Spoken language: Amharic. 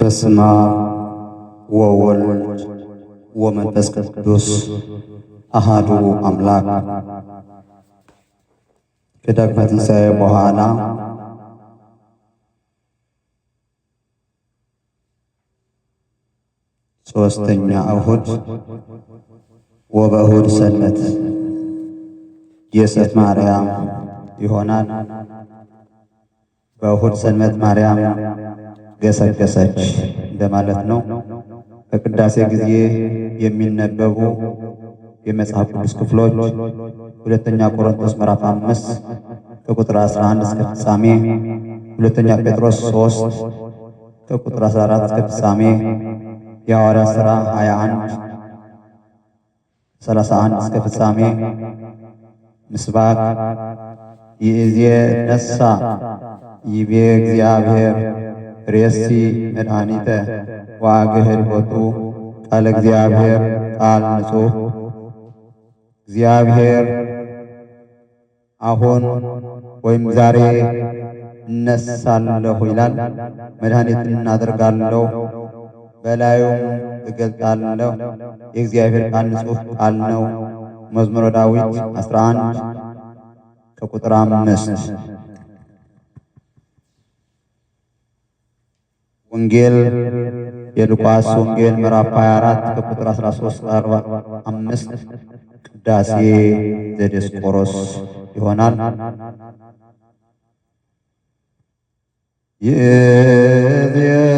በስመ አብ ወወልድ ወመንፈስ ቅዱስ አሃዱ አምላክ። ከዳግመ ትንሣኤ በኋላ ሦስተኛ እሁድ ወበእሁድ ሰንበት የሰት ማርያም ይሆናል። በእሁድ ሰንበት ማርያም ገሰገሰች እንደማለት ነው። በቅዳሴ ጊዜ የሚነበቡ የመጽሐፍ ቅዱስ ክፍሎች ሁለተኛ ቆሮንቶስ ምዕራፍ አምስት ከቁጥር 11 እስከ ፍጻሜ፣ ሁለተኛ ጴጥሮስ 3 ከቁጥር 14 እስከ ፍጻሜ፣ የሐዋርያ ሥራ 21 31 እስከ ፍጻሜ፣ ምስባክ ይእዜ ነሳ ይቤ እግዚአብሔር ሬሲ መድኃኒተ ዋግህድ ቦቱ ቃለ እግዚአብሔር ቃል ንጹሕ እግዚአብሔር አሁን ወይም ዛሬ እነሳለሁ ይላል። መድኃኒትን እናደርጋለሁ በላዩም እገልጣለሁ። የእግዚአብሔር ቃል ንጹሕ ቃል ነው። መዝሙረ ዳዊት 11 ከቁጥር አምስት ወንጌል የሉቃስ ወንጌል ምዕራፍ 24 ከቁጥር 13 አምስት ቅዳሴ ዘዲዮስቆሮስ ይሆናል። ይእዜሰ